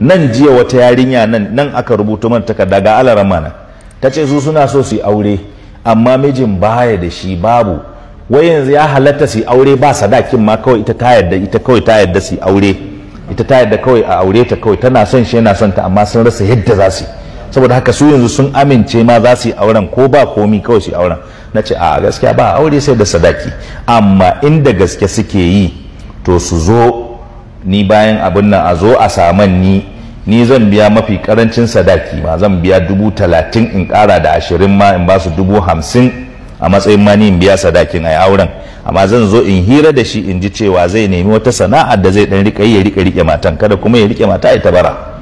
nan jiya wata yarinya nan nan aka rubuta mana takarda ga alaran mana ta ce su suna so su aure amma mijin baya da shi babu wai yanzu ya halatta su aure ba sadakin ma kawai ita ta yarda ita kawai ta yarda su aure ita ta yarda kawai a aure ta kawai tana son shi yana son ta amma sun rasa yadda za su saboda haka su yanzu sun amince ma za su yi auren ko ba komi kawai su yi auren na ce a gaskiya ba aure sai da sadaki amma inda gaske suke yi to su zo ni bayan abin nan a zo a saman ni ni zan biya mafi karancin sadaki ma zan biya dubu talatin in kara da ashirin ma in ba su dubu hamsin a matsayin ma ni in biya sadakin a auren amma zan zo in hira da shi in ji cewa zai nemi wata sana'ar da zai dan rika yi ya rika rike matan kada kuma ya rike mata ita bara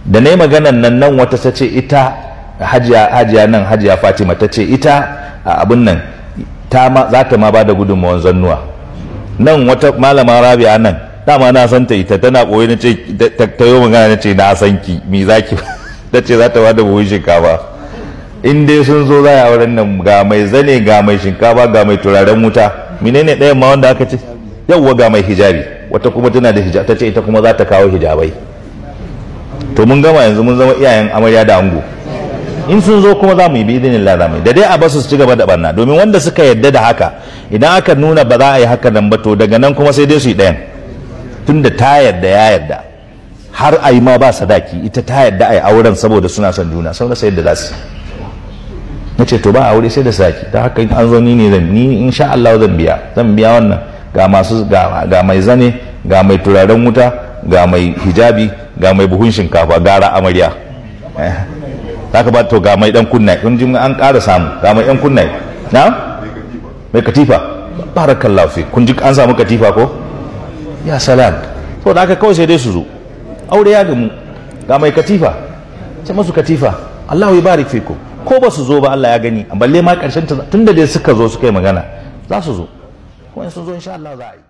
da nayi maganan nan nan wata ta ce ita hajiya hajiya nan hajiya Fatima ta ce ita a abin nan ta ma za ta ma ba da gudunmawan zannuwa nan wata malama Rabi'a nan dama na san ta ita tana boye na ce ta yi magana na ce na san ki mi za ki ta ce za ta bada buhun shinkafa in dai sun zo za a wurin nan ga mai zane ga mai shinkafa ga mai turaren wuta menene ɗayan ma wanda aka ce yawwa ga mai hijabi wata kuma tana da hijabi ta ce ita kuma za ta kawo hijabai to mun gama yanzu mun zama iyayen amarya da ango in sun zo kuma za mu yi bi idinin la zamu da dai a basu su ci gaba da barna domin wanda suka yadda da haka idan aka nuna ba za a yi haka nan ba to daga nan kuma sai dai su yi ɗayan tunda ta yarda ya yarda har a yi ma ba sadaki ita ta yarda a yi auren saboda suna son juna sau sai da za su na ce to ba aure sai da sadaki ta haka an zo ni ne zan ni in sha Allah zan biya zan biya wannan ga masu ga mai zane ga mai turaren wuta ga mai hijabi ga mai buhun shinkafa gara amarya eh. ka ba to ga mai dan kunna kun ji an ƙara samu ga mai dan kunna na mai katifa barakallahu fi kun ji an samu katifa ko ya salam to da aka kawai sai dai su zo aure ya gamu ga mai katifa ce masu katifa Allahu ya barik fikum ko ba su zo ba Allah ya gani balle ma karshen tunda dai suka zo suka yi magana za su zo ko sun zo insha Allah za a yi